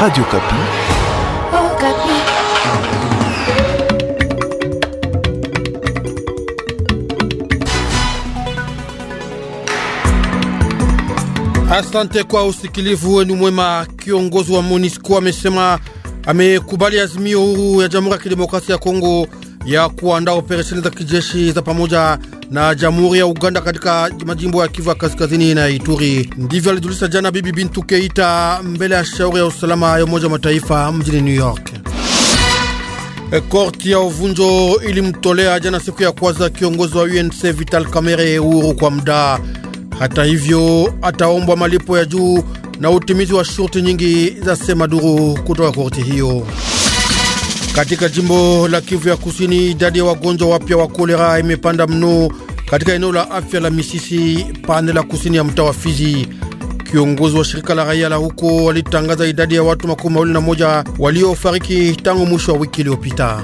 Radio Kapi. Oh, Kapi. Asante kwa usikilivu wenu mwema. Kiongozi wa MONUSCO amesema amekubali azimio huru ya Jamhuri ya Kidemokrasia ya Kongo ya kuandaa operesheni za kijeshi za pamoja na Jamhuri ya Uganda katika majimbo ya Kivu ya Kaskazini na Ituri. Ndivyo alijulisha jana Bibi Bintu Keita mbele ya shauri ya usalama ya Umoja wa Mataifa mjini New York. E, korti ya uvunjo ilimtolea jana siku ya kwanza kiongozi wa UNC Vital Kamerhe uhuru kwa muda. Hata hivyo, ataombwa malipo ya juu na utimizi wa shurti nyingi za semaduru kutoka korti hiyo. Katika jimbo la Kivu ya Kusini, idadi ya wagonjwa wapya wa kolera imepanda mno katika eneo la afya la Misisi pande la kusini ya mtaa wa Fizi. Kiongozi wa shirika la raia la huko walitangaza idadi ya watu makumi mawili na moja waliofariki tangu mwisho wa wiki iliyopita.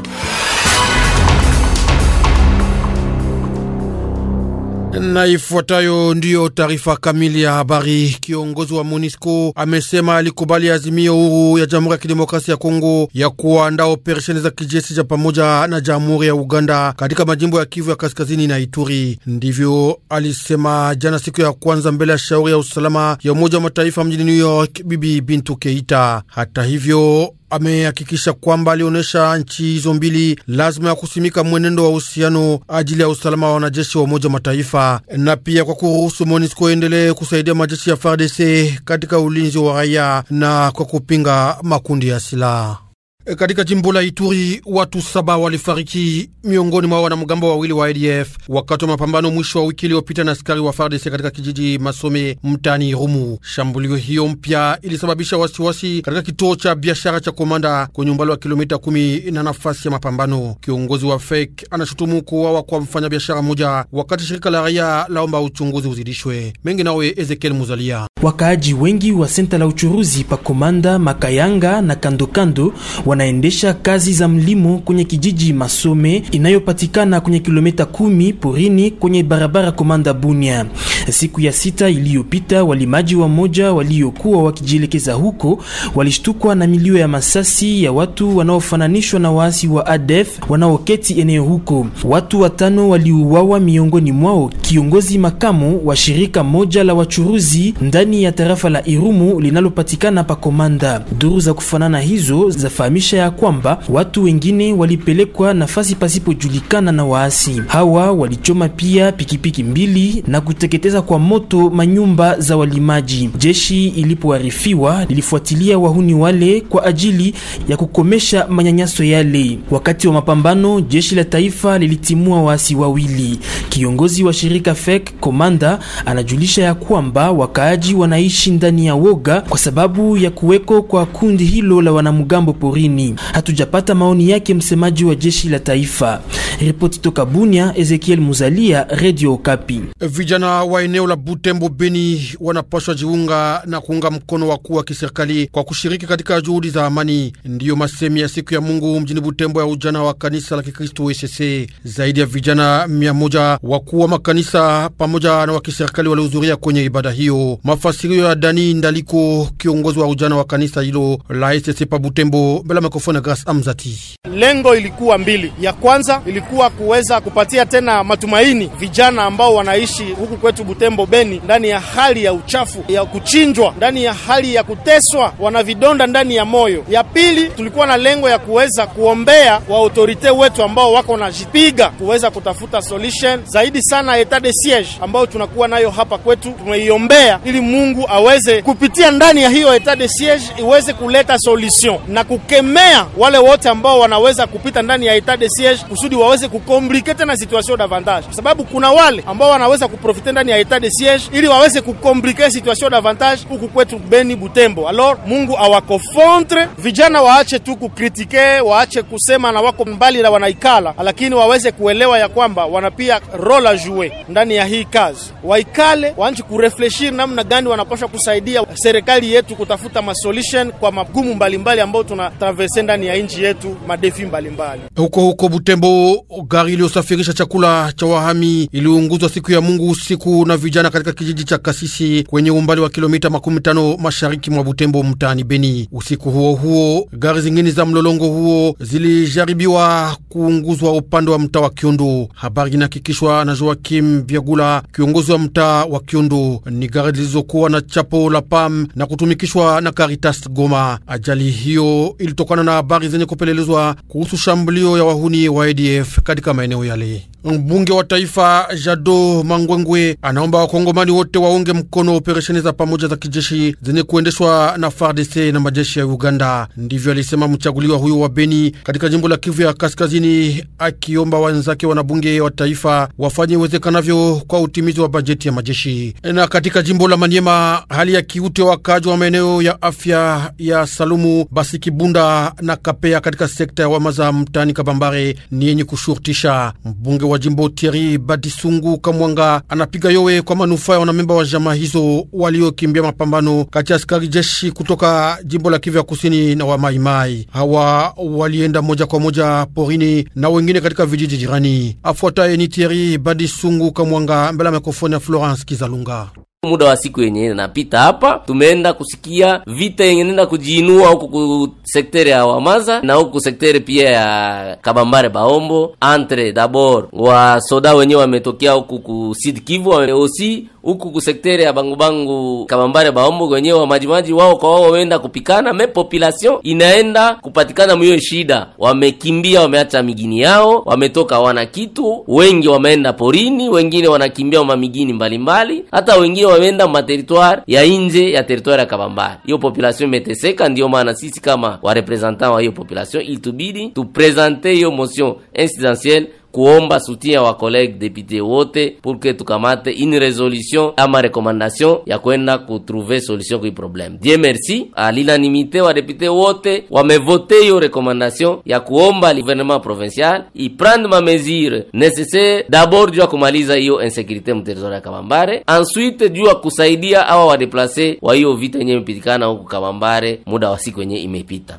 Na ifuatayo ndiyo taarifa kamili ya habari. Kiongozi wa MONUSCO amesema alikubali azimio huru ya Jamhuri ya Kidemokrasia ya Kongo ya kuandaa operesheni za kijeshi ja pamoja na Jamhuri ya Uganda katika majimbo ya Kivu ya Kaskazini na Ituri. Ndivyo alisema jana siku ya kwanza mbele ya shauri ya usalama ya Umoja wa Mataifa mjini New York Bibi Bintu Keita. Hata hivyo amehakikisha kwamba alionyesha nchi hizo mbili lazima ya kusimika mwenendo wa uhusiano ajili ya usalama wa wanajeshi wa Umoja Mataifa na pia kwa kuruhusu MONUSCO endelee kusaidia majeshi ya FARDC katika ulinzi wa raia na kwa kupinga makundi ya silaha. Eh, katika jimbo la Ituri watu saba walifariki miongoni mwa wanamgambo wawili wa ADF wakati wa mapambano mwisho wa wiki iliyopita na askari wa FARDC katika kijiji Masome mtani Rumu. Shambulio hiyo mpya ilisababisha wasiwasi katika kituo cha biashara cha Komanda kwenye umbali wa kilomita kumi na nafasi ya mapambano. Kiongozi wa FEK anashutumu kuuawa kwa mfanyabiashara mmoja, wakati shirika la raia laomba uchunguzi uzidishwe mengi. Nawe Ezekiel Muzalia. Wakaaji wengi wa senta la uchuruzi pa Komanda, Makayanga na kandokando wanaendesha kazi za mlimo kwenye kijiji Masome inayopatikana kwenye kilomita kumi porini kwenye barabara Komanda Bunia. Siku ya sita iliyopita, walimaji wa moja waliokuwa wakijielekeza huko walishtukwa na milio ya masasi ya watu wanaofananishwa na waasi wa ADF wanaoketi eneo huko. Watu watano waliuawa, miongoni mwao kiongozi makamu wa shirika moja la wachuruzi ndani ya tarafa la Irumu linalopatikana pa Komanda. Duru za kufanana hizo zafahamisha kujulisha ya kwamba watu wengine walipelekwa nafasi pasipojulikana na waasi hawa. Walichoma pia pikipiki mbili na kuteketeza kwa moto manyumba za walimaji. Jeshi ilipoarifiwa lilifuatilia wahuni wale kwa ajili ya kukomesha manyanyaso yale. Wakati wa mapambano, jeshi la taifa lilitimua waasi wawili. Kiongozi wa shirika FEC komanda anajulisha ya kwamba wakaaji wanaishi ndani ya woga kwa sababu ya kuweko kwa kundi hilo la wanamgambo porini nini? Hatujapata maoni yake msemaji wa jeshi la taifa. Ripoti toka Bunia, Ezekiel Muzalia, Radio Okapi. Vijana wa eneo la Butembo Beni wanapaswa jiunga na kuunga mkono wakuu wa kiserikali kwa kushiriki katika juhudi za amani, ndiyo masemi ya siku ya Mungu mjini Butembo ya ujana wa kanisa la Kikristo ESC. Zaidi ya vijana mia moja wakuu wa makanisa pamoja na wa kiserikali walihudhuria kwenye ibada hiyo. Mafasirio ya Dani Ndaliko, kiongozi wa ujana wa kanisa hilo la ESC pa Butembo la mikrofoni Grace Amzati. Lengo ilikuwa mbili, ya kwanza ilikuwa kuweza kupatia tena matumaini vijana ambao wanaishi huku kwetu Butembo Beni, ndani ya hali ya uchafu, ya kuchinjwa, ndani ya hali ya kuteswa, wana vidonda ndani ya moyo. Ya pili tulikuwa na lengo ya kuweza kuombea wa autorite wetu ambao wako najipiga kuweza kutafuta solution zaidi sana etat de siege ambayo tunakuwa nayo hapa kwetu, tumeiombea ili Mungu aweze kupitia ndani ya hiyo etat de siege iweze kuleta solution na kukemea mea wale wote ambao wanaweza kupita ndani ya etat de siege kusudi waweze kukomplike na situation davantage, kwa sababu kuna wale ambao wanaweza kuprofite ndani ya etat de siege ili waweze kukomplike situation davantage huku kwetu Beni Butembo. Alors Mungu awakofontre vijana, waache tu kukritike, waache kusema na wako mbali na wanaikala, lakini waweze kuelewa ya kwamba wanapia rola jue ndani ya hii kazi, waikale waanji kurefleshir namna gani wanapasha kusaidia serikali yetu kutafuta masolution kwa magumu mbalimbali ambayo tuna kutraverse ndani ya nchi yetu madefi mbalimbali mbali. Huko huko Butembo, gari iliyosafirisha chakula cha wahami iliunguzwa siku ya Mungu usiku na vijana katika kijiji cha Kasisi kwenye umbali wa kilomita 15 mashariki mwa Butembo, mtaani Beni. Usiku huo huo gari zingine za mlolongo huo zilijaribiwa kuunguzwa upande wa mtaa wa Kiondo. Habari inahakikishwa na Joakim Vyagula, kiongozi wa mtaa wa Kiondo. Ni gari zilizokuwa na chapo la PAM na kutumikishwa na Caritas Goma. Ajali hiyo ilitoka kutokana na habari zenye kupelelezwa kuhusu shambulio ya wahuni wa ADF katika maeneo yale. Mbunge wa taifa Jado Mangwengwe anaomba wakongomani wote waunge mkono operesheni za pamoja za kijeshi zenye kuendeshwa na FARDC na majeshi ya Uganda. Ndivyo alisema mchaguliwa huyo wa Beni katika jimbo la Kivu ya Kaskazini, akiomba wenzake wanabunge wa taifa wafanye iwezekanavyo kwa utimizi wa bajeti ya majeshi. Na katika jimbo la manyema hali ya kiute wakaaji wa maeneo ya afya ya Salumu basi Kibunda na Kapea katika sekta ya Wamaza mtani Kabambare ni yenye kushurutisha. Mbunge wa jimbo Tieri Badisungu Kamwanga anapiga yowe kwa manufaa ya wanamemba wa jamaa hizo waliokimbia mapambano kati ya askari jeshi kutoka jimbo la Kivu ya kusini na Wamaimai. Hawa walienda moja kwa moja porini na wengine katika vijiji jirani. Afuataye ni Tieri Badisungu Kamwanga mbele ya mikrofoni ya Florence Kizalunga. Muda wa siku yenye inapita hapa, tumeenda kusikia vita yenye nenda kujiinua huku ku sekteri ya Wamaza na huku sekteri pia ya Kabambare Baombo, entre dabord wa soda wenye wametokea huku ku Sud Kivu osi huku kusektere ya bangubangu kabambare baombo wenyewe wa majimaji wao kwa wao wenda kupikana me population inaenda kupatikana mwiyo shida. Wamekimbia, wameacha migini yao, wametoka wana kitu, wengi wameenda porini, wengine wanakimbia mamigini mbalimbali, hata wengine wameenda materitware ya nje ya teritware ya kabambare. Hiyo population imeteseka, ndiyo maana sisi kama warepresentant wa hiyo population ilitubidi tupresente hiyo motion incidentielle kuomba sutia wa collegue député wote pour que tukamate une resolution ama recommandation ya kwenda kutrouver solution kui problème. Dieu merci, à l'unanimité wa député wote wamevote yo recommandation ya kuomba gouvernement provincial iprendre ma mesure nécessaire d'abord juu ya kumaliza hiyo insécurité territoire ya Kabambare, ensuite juu ya kusaidia awa wadeplace wa hiyo vita yenye imepitikana huku Kabambare muda wa siku yenye imepita.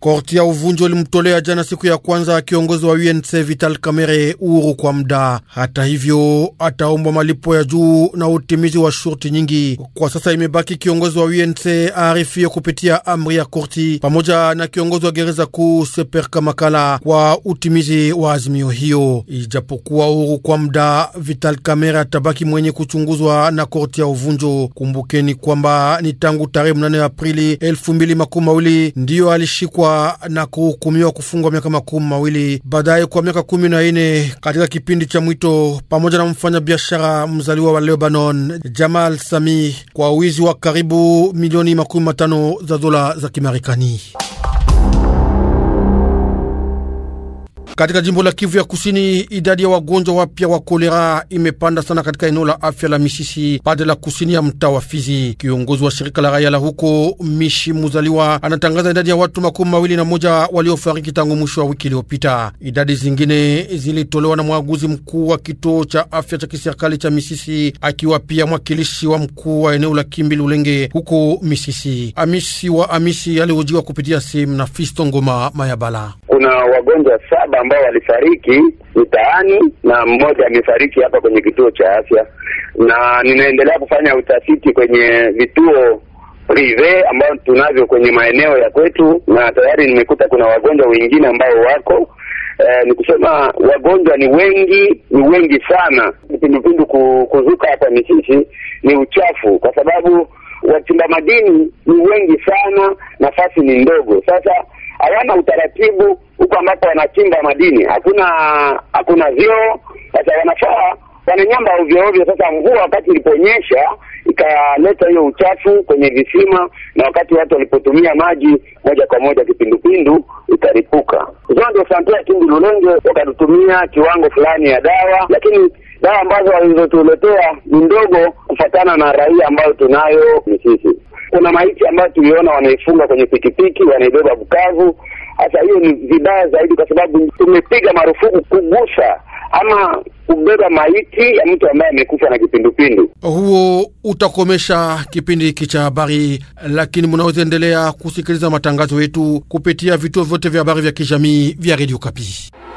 Korti ya uvunjo walimtolea jana siku ya kwanza kiongozi wa UNC Vital Kamerhe uhuru kwa muda. Hata hivyo, ataombwa malipo ya juu na utimizi wa shurti nyingi. Kwa sasa imebaki kiongozi wa UNC aarifio kupitia amri ya korti pamoja na kiongozi wa gereza kuu Seperka Makala kwa utimizi wa azimio hiyo. Ijapokuwa uhuru kwa muda, Vital Kamerhe atabaki mwenye kuchunguzwa na korti ya uvunjo. Kumbukeni kwamba ni tangu tarehe 8 Aprili 2020 ndiyo alishikwa alinyongwa na kuhukumiwa kufungwa miaka makumi mawili baadaye kwa miaka kumi na ine katika kipindi cha mwito pamoja na mfanyabiashara mzaliwa wa Lebanon Jamal Sami kwa wizi wa karibu milioni makumi matano za dola za Kimarekani. Katika jimbo la Kivu ya Kusini, idadi ya wagonjwa wapya wa kolera imepanda sana katika eneo la afya la Misisi pade la kusini ya mtaa wa Fizi. Kiongozi wa shirika la raia la huko Mishi Muzaliwa anatangaza idadi ya watu makumi mawili na moja waliofariki tangu mwisho wa wiki iliyopita. Idadi zingine zilitolewa na mwaguzi mkuu wa kituo cha afya cha kiserikali cha Misisi akiwa pia mwakilishi wa mkuu wa eneo la Kimbi Lulenge huko Misisi. Amisi wa Amisi alihojiwa kupitia simu na Fisto Ngoma Mayabala kuna wagonjwa saba ambao walifariki mitaani na mmoja amefariki hapa kwenye kituo cha afya, na ninaendelea kufanya utafiti kwenye vituo prive ambao tunavyo kwenye maeneo ya kwetu, na tayari nimekuta kuna wagonjwa wengine ambao wako Eh, ni kusema wagonjwa ni wengi, ni wengi sana. Kipindupindu kuzuka hapa Misisi ni uchafu, kwa sababu wachimba madini ni wengi sana, nafasi ni ndogo. Sasa hayana utaratibu huko ambapo wanachimba madini, hakuna hakuna vyoo. Sasa wanafaa wananyamba ovyo ovyo. Sasa mvua wakati iliponyesha ikaleta hiyo uchafu kwenye visima, na wakati watu walipotumia maji moja kwa moja kipindupindu ikaripuka. Ndio sante Kindu Lulenge wakatutumia kiwango fulani ya dawa, lakini dawa ambazo walizotuletea ni ndogo kufatana na raia ambayo tunayo ni sisi. Kuna maiti ambayo tuliona wanaifunga kwenye pikipiki, wanaibeba Bukavu. Hasa hiyo ni vibaya zaidi, kwa sababu tumepiga marufuku kugusa ama kubeba maiti ya mtu ambaye amekufa na kipindupindu. Huo utakomesha kipindi hiki cha habari, lakini munaweza endelea kusikiliza matangazo yetu kupitia vituo vyote vya habari vya kijamii vya redio Kapi.